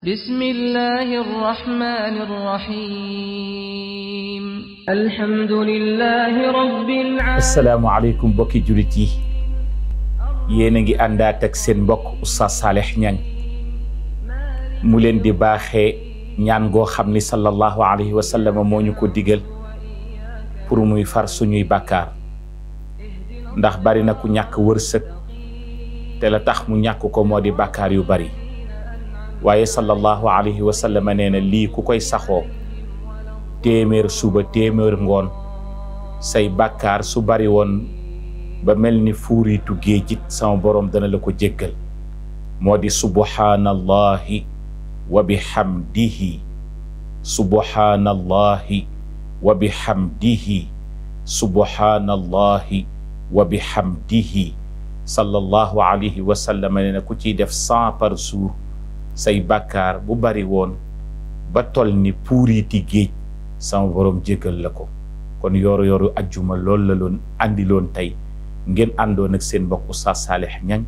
بسم الله الرحمن الرحيم الحمد لله رب العالمين السلام عليكم jullit yi yéen a ngi àndaat seen mbokk Oustaz Saliou Niang mu leen di baaxee ñaan goo xam ni sallallahu alayhi wa moo ñu ko digal pour muy far suñuy bàkkaar ndax bari na ku ñàkk wërsëg te la tax mu ñàkk ko moo di bakkaar yu bari waaye sallallahu alayhi wa sallam nee na lii ku koy saxoo téeméer suba téeméer ngoon say bàkkaar su bari woon ba mel ni fuuriitu géej it sama boroom dana la ko jéggal moo di subhaanallahi wa bihamdihi subhaanallahi wa bihamdihi subhaanallahi wa bihamdihi sallallahu alayhi wa sallam nee na ku ciy def cent par jour say bàkkaar bu bari woon ba tol ni puuriiti géej sama borom jéggal la ko kon yooru yooru ajjuma lool la loon andi loon tey ngeen àndoon ak seen mbokk Oustaz Saliou Niang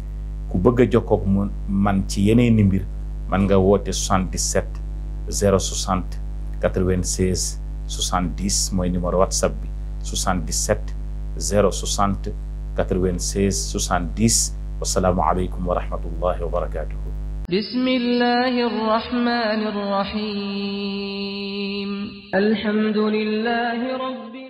ku bëgg a jokkoog mu man ci yeneeni mbir man nga woote 77 060 96 70 mooy numéro whatsapp bi 77 060 96 70 wasalaamualeykum wa rahmatullahi بسم الله الرحمن الرحيم الحمد لله رب